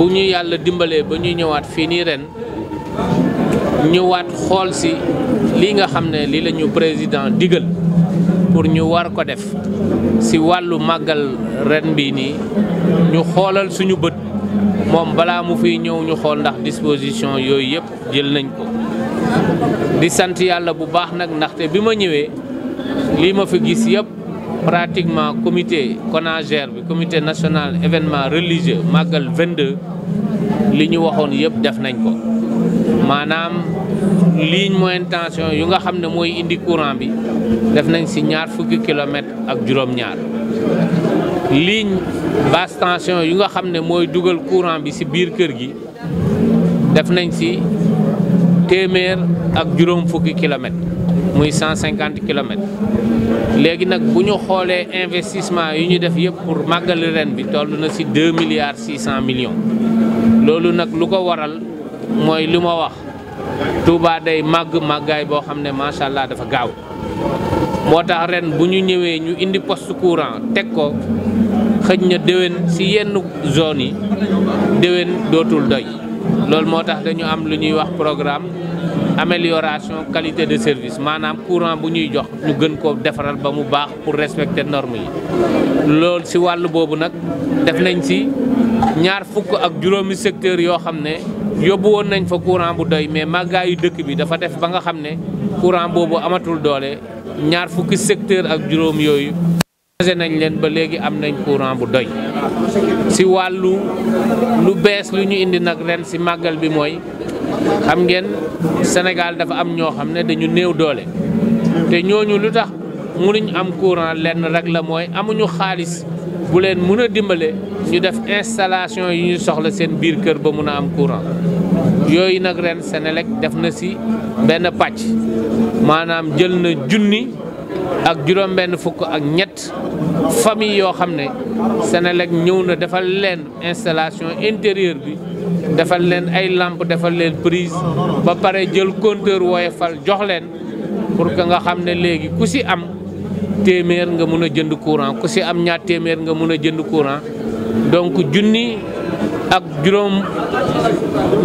bu ñu yàlla dimbalee ba ñuy ñëwaat fii nii ren ñëwaat xool si lii nga xam ne lii lañu ñu président digal pour ñu war ko def si wàllu màggal ren bii nii ñu xoolal suñu bët moom balaa mu fiy ñëw ñu xool ndax disposition yooyu yëpp jël nañ ko di sant yàlla bu baax nag ndaxte bi ma ñëwee lii ma fi gis yëpp pratiquement comité CONAGER bi comité national événement religieux màggal 22 li ñu waxoon yëpp def nañ ko maanaam ligne moyen tension yu nga xam ne mooy indi courant bi def nañ si ñaar fukki kilomètres ak juróom-ñaar ligne basse yu nga xam ne mooy dugal courant bi si biir kër gi def nañ si téeméer ak juróom fukki kilomètres muy cent cinquante kilomètres léegi nag bu ñu xoolee investissement yu ñu def yëpp pour màggali ren bi toll na ci deux milliards six cent millions loolu nag lu ko waral mooy li ma wax Touba day màgg màggaay boo xam ne macha allah dafa gaaw moo tax ren bu ñu ñëwee ñu indi poste courant teg ko xëj na déwén ci yenn zone yi déwén dootul doy loolu moo tax dañu am lu ñuy wax programme amélioration qualité de service maanaam courant bu ñuy jox ñu gën koo defaral ba mu baax pour respecter normes yi loolu si wàll boobu nag def nañ si ñaar fukk ak juróomi secteur yoo xam ne yóbbu woon nañ fa courant bu doy mais màggaayu dëkk bi dafa def ba nga xam ne courant boobu amatul doole ñaar fukki secteur ak juróom yooyu changé nañ leen ba léegi am nañ courant bu doy si wàllu lu bees lu ñu indi nag ren si màggal bi mooy xam ngeen Sénégal dafa am ñoo xam ne dañu néew doole te ñooñu lu tax mënuñ am courant lenn rek la mooy amuñu xaalis bu leen mën a dimbale ñu def installation yi ñu soxla seen biir kër ba mun a am courant yooyu nag ren Senelec def na si benn pàcc maanaam jël na junni. ak juróom-benn fukk ak ñett famille yoo xam ne Senelec ñëw na defal leen installation intérieure bi defal leen ay làmp defal leen prise ba pare jël compteur Woyofal jox leen pour que nga xam ne léegi ku si am téeméer nga mun a jënd courant ku si am ñaar téeméer nga mun a jënd courant donc junni ak juróom.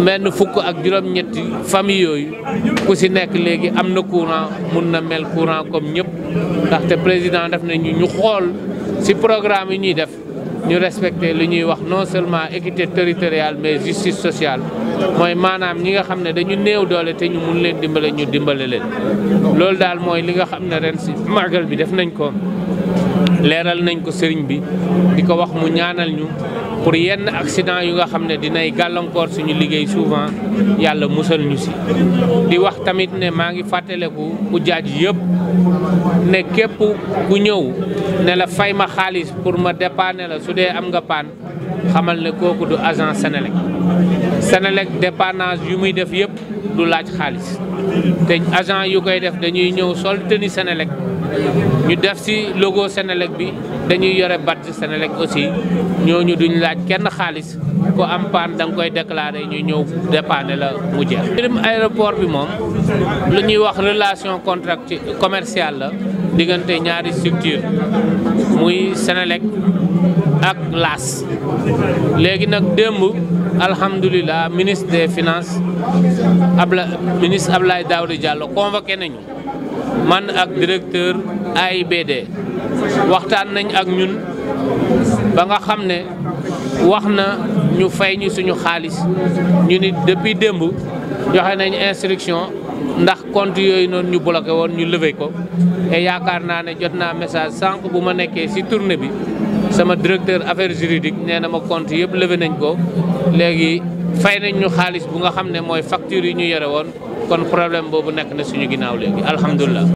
menn fukk ak juróom-ñetti famille yooyu ku si nekk léegi am na courant mun na mel courant comme ñëpp ndaxte président def nañu ñu xool si programme yi ñuy def ñu respecter li ñuy wax non seulement équité territoriale mais justice sociale mooy maanaam ñi nga xam ne dañu néew doole te ñu mun leen dimbale ñu dimbale leen loolu daal mooy li nga xam ne ren si màggal bi def nañ ko leeral nañ ko sëriñ bi di ko wax mu ñaanal ñu pour yenn accident yu nga xam ne dinay gàllankoor suñu liggéey souvent yàlla musal ñu si di wax tamit ne maa ngi fàttaleku ku jaaj yëpp ne képp ku ñëw ne la fay ma xaalis pour ma dépanner la su dee am nga paan xamal ne kooku du agent Senelec Senelec dépannage yu muy def yëpp du laaj xaalis te agent yu koy def dañuy ñëw sol tenue Senelec ñu def ci logo Senelec bi dañuy yore badge Senelec aussi ñooñu duñ laaj kenn xaalis ku am panne da nga koy déclarer ñu ñëw dépanner la mu jeex. mbirum aéroport bi moom lu ñuy wax relation contract commerciale la diggante ñaari structure muy Sénélec ak LAS léegi nag démb alhamdulilah ministre des finances abla ministre Abdoulaye Daouda Diallo convoqué nañu man ak directeur AIBD waxtaan nañ ak ñun. ba nga xam ne wax na ñu fay ñu suñu xaalis ñu ni depuis démb joxe nañ instruction ndax compte yooyu noonu ñu bloqué woon ñu levé ko et yaakaar naa ne jot naa message sànq bu ma nekkee ci tournée bi sama directeur affaires juridiques nee na ma compte yëpp levé nañ ko léegi fay nañ ñu xaalis bu nga xam ne mooy facture yi ñu yore woon kon problème boobu nekk ne suñu ginnaaw léegi alhamdulilah